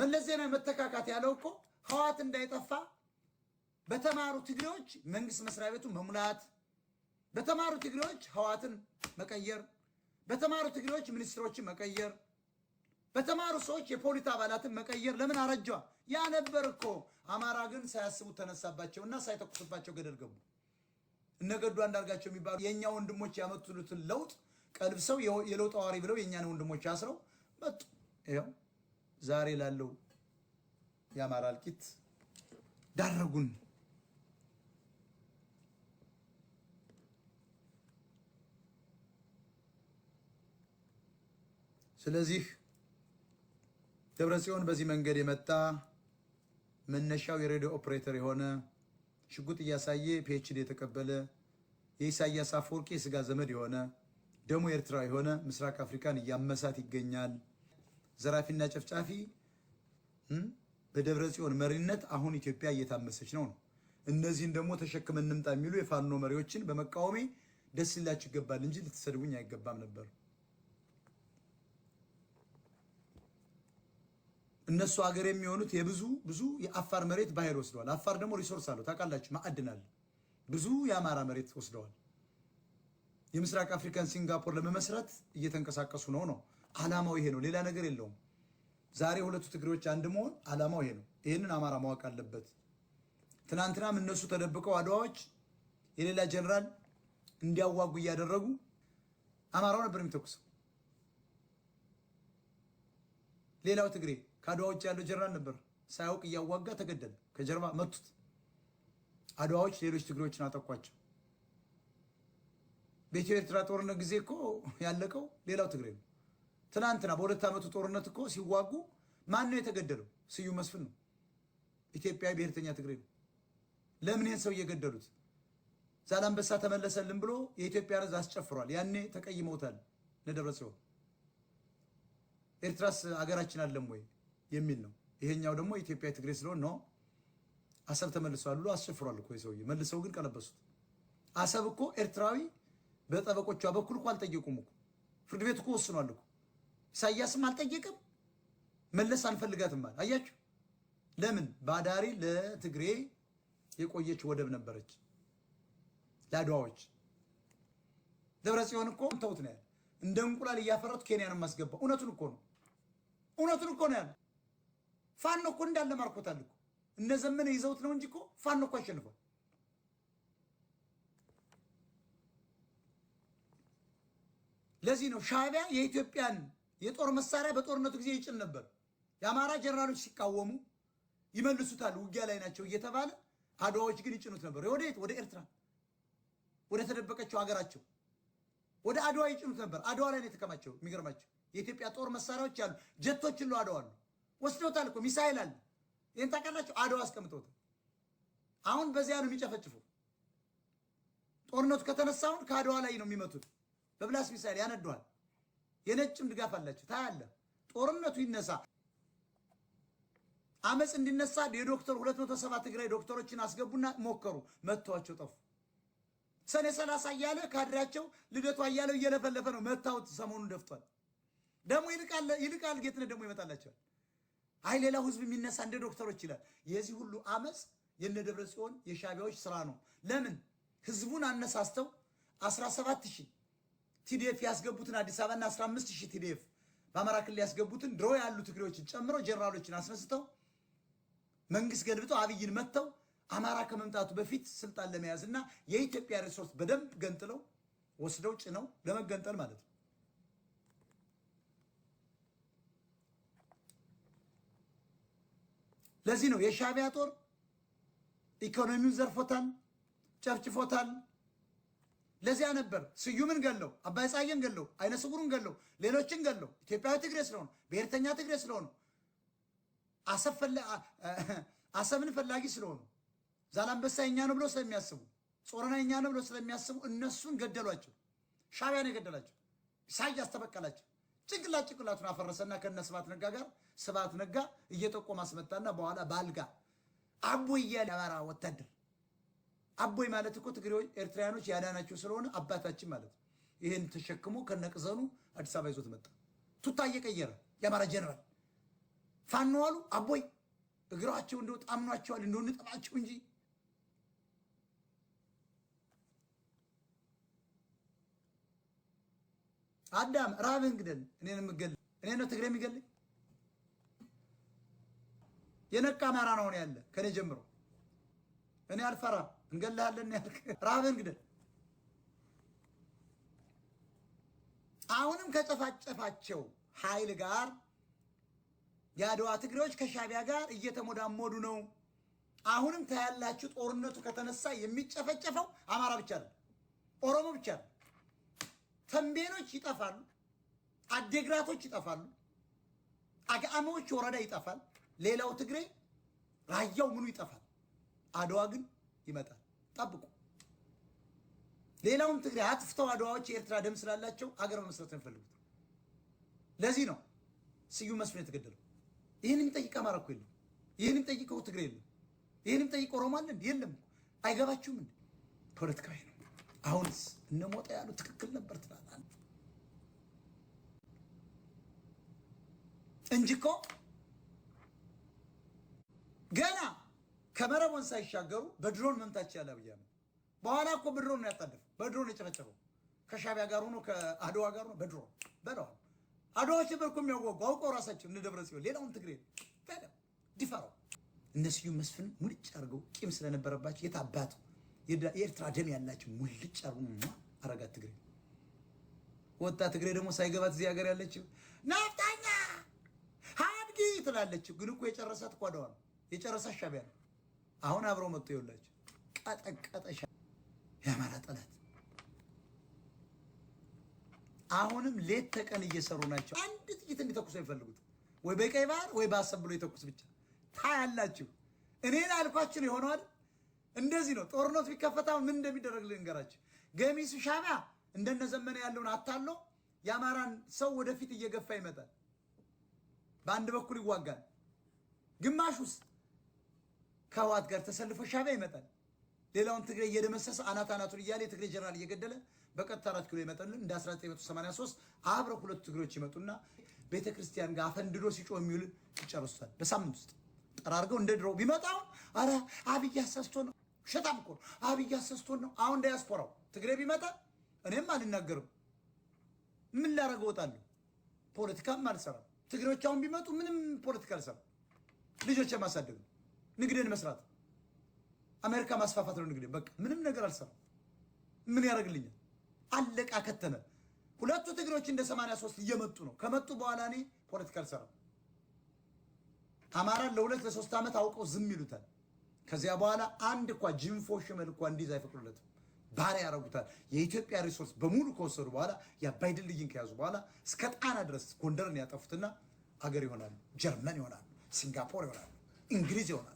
መለስ ዜናዊ መተካካት ያለው እኮ ህዋት እንዳይጠፋ በተማሩ ትግሬዎች መንግስት መስሪያ ቤቱን መሙላት፣ በተማሩ ትግሬዎች ህዋትን መቀየር፣ በተማሩ ትግሬዎች ሚኒስትሮችን መቀየር፣ በተማሩ ሰዎች የፖሊት አባላትን መቀየር። ለምን አረጇ? ያ ነበር እኮ። አማራ ግን ሳያስቡ ተነሳባቸውና ሳይተኩስባቸው ገደል ገቡ። እነ አንዳርጋቸው የሚባሉ የእኛ ወንድሞች ያመጡትን ለውጥ ቀልብሰው የለውጥ አዋሪ ብለው የእኛን ወንድሞች አስረው መጡ። ዛሬ ላለው የአማራ እልቂት ዳረጉን። ስለዚህ ጽዮን በዚህ መንገድ የመጣ መነሻው የሬዲዮ ኦፕሬተር የሆነ ሽጉጥ እያሳየ ፒኤችዲ የተቀበለ የኢሳያስ አፈወርቂ የስጋ ዘመድ የሆነ ደሞ ኤርትራ የሆነ ምስራቅ አፍሪካን እያመሳት ይገኛል። ዘራፊና ጨፍጫፊ በደብረ ጽዮን መሪነት አሁን ኢትዮጵያ እየታመሰች ነው ነው እነዚህን ደግሞ ተሸክመን እንምጣ የሚሉ የፋኖ መሪዎችን በመቃወሜ ደስ ሊላችሁ ይገባል እንጂ ልትሰድቡኝ አይገባም ነበር። እነሱ ሀገር የሚሆኑት የብዙ ብዙ የአፋር መሬት ባህር ወስደዋል። አፋር ደግሞ ሪሶርስ አለው ታውቃላችሁ፣ ማዕድን አለ። ብዙ የአማራ መሬት ወስደዋል። የምስራቅ አፍሪካን ሲንጋፖር ለመመስረት እየተንቀሳቀሱ ነው ነው አላማው ይሄ ነው። ሌላ ነገር የለውም። ዛሬ ሁለቱ ትግሬዎች አንድ መሆን አላማው ይሄ ነው። ይህንን አማራ ማወቅ አለበት። ትናንትናም እነሱ ተደብቀው አድዋዎች የሌላ ጀነራል እንዲያዋጉ እያደረጉ አማራው ነበር የሚተኩሰው። ሌላው ትግሬ ከአድዋ ውጭ ያለው ጀነራል ነበር ሳያውቅ እያዋጋ ተገደለ። ከጀርባ መቱት። አድዋዎች ሌሎች ትግሬዎችን አጠቋቸው። በኢትዮ ኤርትራ ጦርነት ጊዜ እኮ ያለቀው ሌላው ትግሬ ነው። ትናንትና በሁለት ዓመቱ ጦርነት እኮ ሲዋጉ ማን ነው የተገደለው? ስዩም መስፍን ነው። ኢትዮጵያዊ ብሔርተኛ ትግሬ ነው። ለምን ይህን ሰው እየገደሉት? ዛላንበሳ ተመለሰልን ብሎ የኢትዮጵያ ሕዝብ አስጨፍሯል። ያኔ ተቀይመውታል። ለደብረጽዮን ኤርትራስ አገራችን አለም ወይ የሚል ነው። ይሄኛው ደግሞ ኢትዮጵያ ትግሬ ስለሆን ነው አሰብ ተመልሷል ብሎ አስጨፍሯል እኮ የሰውዬ። መልሰው ግን ቀለበሱት። አሰብ እኮ ኤርትራዊ በጠበቆቿ በኩል እኮ አልጠየቁም እኮ ፍርድ ቤት እኮ ወስኗል እኮ ኢሳያስም አልጠየቅም፣ መለስ አንፈልጋትም አለ። አያችሁ ለምን? ባዳሪ ለትግሬ የቆየች ወደብ ነበረች፣ ለአድዋዎች። ደብረ ጽዮን እኮ ተውት ነው ያለ። እንደ እንቁላል ኬንያ ነው የማስገባው። እውነቱን እኮ ነው ያለ። ፋኖ እኮ እንዳለ ማርኮታል እኮ እነ ዘመነ ይዘውት ነው እንጂ እኮ ፋኖ እኮ አሸንፏል። ለዚህ ነው ሻዕቢያ የኢትዮጵያን የጦር መሳሪያ በጦርነቱ ጊዜ ይጭን ነበር። የአማራ ጀነራሎች ሲቃወሙ ይመልሱታል፣ ውጊያ ላይ ናቸው እየተባለ አድዋዎች ግን ይጭኑት ነበር። ወዴት? ወደ ኤርትራ፣ ወደ ተደበቀችው ሀገራቸው ወደ አድዋ ይጭኑት ነበር። አድዋ ላይ ነው የተከማቸው። የሚገርማቸው የኢትዮጵያ ጦር መሳሪያዎች ያሉ ጀቶች ሉ አድዋ አሉ ወስደውታል እኮ ሚሳይል አለ። ይህን ታውቃላችሁ? አድዋ አስቀምጠውታል። አሁን በዚያ ነው የሚጨፈጭፉ። ጦርነቱ ከተነሳ አሁን ከአድዋ ላይ ነው የሚመቱት። በብላስ ሚሳይል ያነደዋል። የነጭም ድጋፍ አላቸው። ታያለ። ጦርነቱ ይነሳ አመፅ እንዲነሳ የዶክተር 270 ትግራይ ዶክተሮችን አስገቡና ሞከሩ። መጥተዋቸው ጠፉ። ሰኔ 30 እያለ ካድራቸው ልደቷ እያለው እየለፈለፈ ነው። መታወት ሰሞኑን ደፍቷል። ደግሞ ይልቃል ይልቃል ጌትነት ደግሞ ይመጣላቸዋል። አይ ሌላው ህዝብ የሚነሳ እንደ ዶክተሮች ይላል። የዚህ ሁሉ አመፅ የነ ደብረ ጽዮን የሻቢያዎች ስራ ነው። ለምን ህዝቡን አነሳስተው 17 ሺህ ቲዲኤፍ ያስገቡትን አዲስ አበባና 15 ሺህ ቲዲኤፍ በአማራ ክልል ያስገቡትን ድሮ ያሉ ትግሬዎችን ጨምሮ ጀነራሎችን አስነስተው መንግስት ገንብተው አብይን መጥተው አማራ ከመምጣቱ በፊት ስልጣን ለመያዝ እና የኢትዮጵያ ሪሶርስ በደንብ ገንጥለው ወስደው ጭነው ለመገንጠል ማለት ነው። ለዚህ ነው የሻቢያ ጦር ኢኮኖሚውን ዘርፎታል፣ ጨፍጭፎታል። ለዚያ ነበር ስዩምን ገለው፣ አባይ ጸሐዬን ገለው፣ አይነ ስውሩን ገለው፣ ሌሎችን ገለው። ኢትዮጵያዊ ትግሬ ስለሆኑ ብሔርተኛ ትግሬ ስለሆኑ አሰብን ፈላጊ ስለሆኑ ዛላንበሳ የኛ ነው ብሎ ስለሚያስቡ ጾረና የኛ ነው ብሎ ስለሚያስቡ እነሱን ገደሏቸው። ሻቢያን የገደላቸው ኢሳያስ ተበቀላቸው። ጭንቅላት ጭንቅላቱን አፈረሰና ከነ ስብሐት ነጋ ጋር ስብሐት ነጋ እየጠቆም አስመጣና በኋላ ባልጋ አቦ እያለ አማራ ወታደር አቦይ ማለት እኮ ትግሬዎች፣ ኤርትራያኖች ያዳናቸው ስለሆነ አባታችን ማለት ነው። ይህን ተሸክሞ ከነቅዘኑ አዲስ አበባ ይዞት መጣ። ቱታ እየቀየረ የአማራ ጀነራል ፋኖ አሉ አቦይ እግራቸው እንደው ጣምኗቸዋል እንደው እንጠባቸው እንጂ አዳም ራብህን ግደል። እኔ የምገል እኔ ነው ትግሬ የሚገል የነቃ አማራ ነው ያለ ከኔ ጀምሮ እኔ አልፈራም። እንገላለን ያልክ ራብን ግደል። አሁንም ከጨፋጨፋቸው ኃይል ጋር የአድዋ ትግሬዎች ከሻቢያ ጋር እየተሞዳሞዱ ነው። አሁንም ታያላችሁ። ጦርነቱ ከተነሳ የሚጨፈጨፈው አማራ ብቻ ነው፣ ኦሮሞ ብቻ ነው። ተንቤኖች ይጠፋሉ፣ አዴግራቶች ይጠፋሉ፣ አጋአማዎች ወረዳ ይጠፋል፣ ሌላው ትግሬ ራያው ምኑ ይጠፋል። አድዋ ግን ይመጣል። ጠብቁ። ሌላውም ትግሬ አጥፍተው አድዋዎች የኤርትራ ደም ስላላቸው አገር መመስረት የሚፈልጉት ለዚህ ነው ስዩም መስፍን የተገደለው። ይህን የሚጠይቅ አማራ እኮ የለም። ይህን የሚጠይቀው ትግሬ የለም። ይህን የሚጠይቅ ኦሮሞ አለን የለም። አይገባችሁም እንዴ? ፖለቲካዊ ነው። አሁንስ እነ ያሉ ትክክል ነበር ትላለህ እንጂ እኮ ገና ከመረቦን ሳይሻገሩ በድሮን መምታት ይችላል አብይ አህመድ። በኋላ እኮ በድሮን ነው ያጣደፉ፣ በድሮን የጨፈጨፈው ከሻቢያ ጋር ሆኖ ከአድዋ ጋር ሆኖ በድሮን በለዋል። አድዋዎች ነበር እኮ የሚያወጉ አውቀው ራሳቸው እንደ ሲሆን ሌላውን ትግሬ በለ ዲፈራው። እነ ስዩም መስፍን ሙልጭ አድርገው ቂም ስለነበረባቸው የታባቱ የኤርትራ ደም ያላቸው ሙልጭ አድርገው አረጋት ትግሬ ወጣ ትግሬ ደግሞ ሳይገባት እዚህ ሀገር ያለችው ናፍጣኛ ሀድጊ ትላለችው። ግን እኮ የጨረሳት እኮ አድዋ ነው የጨረሳት ሻቢያ ነው። አሁን አብረው መጥቶ ይውላችሁ ቀጠቀጠሻ የአማራ ጠላት አሁንም ሌት ተቀን እየሰሩ ናቸው። አንድ ጥይት እንዲተኩሱ አይፈልጉት ወይ በቀይ ባህር ወይ በአሰብ ብሎ የተኩስ ብቻ ታያላችሁ። እኔን አልኳችሁ ነው የሆነዋል። እንደዚህ ነው ጦርነት ቢከፈታ ምን እንደሚደረግ ልንገራችሁ። ገሚሱ ሻዕቢያ እንደነዘመነ ያለውን አታሎ የአማራን ሰው ወደፊት እየገፋ ይመጣል። በአንድ በኩል ይዋጋል፣ ግማሹስ ከህወሓት ጋር ተሰልፎ ሻቢያ ይመጣል። ሌላውን ትግሬ እየደመሰሰ አናት አናቱን እያለ የትግሬ ጀነራል እየገደለ በቀጥታ አራት ኪሎ ይመጣል። እንደ 1983 አብረው ሁለቱ ትግሮች ይመጡና ቤተ ክርስቲያን ጋር አፈንድዶ ሲጮህ የሚውል ይጨርሱታል። በሳምንት ውስጥ ጠራርገው እንደ ድሮው ቢመጣው አረ አብይ አሰስቶ ነው ሸጣም እኮ አብይ አሰስቶ ነው። አሁን ዳያስፖራው ትግሬ ቢመጣ እኔም አልናገርም። ምን ላደርግ እወጣለሁ። ፖለቲካም አልሰራም። ትግሬዎች አሁን ቢመጡ ምንም ፖለቲካ አልሰራም። ልጆች የማሳደግ ነው። ንግድን መስራት አሜሪካ ማስፋፋት ነው ንግድ። በቃ ምንም ነገር አልሰራም። ምን ያደርግልኛል? አለቃ ከተነ። ሁለቱ ትግሮች እንደ 83 እየመጡ ነው። ከመጡ በኋላ እኔ ፖለቲካ አልሰራም። አማራን ለሁለት ለሶስት ዓመት አውቀው ዝም ይሉታል። ከዚያ በኋላ አንድ እኳ ጅንፎ ሽመል እኳ እንዲህ አይፈቅዱለትም። ባሪያ ያደርጉታል። የኢትዮጵያ ሪሶርስ በሙሉ ከወሰዱ በኋላ የአባይ ድልድይን ከያዙ በኋላ እስከ ጣና ድረስ ጎንደርን ያጠፉትና አገር ይሆናሉ፣ ጀርመን ይሆናሉ፣ ሲንጋፖር ይሆናሉ፣ እንግሊዝ ይሆናሉ።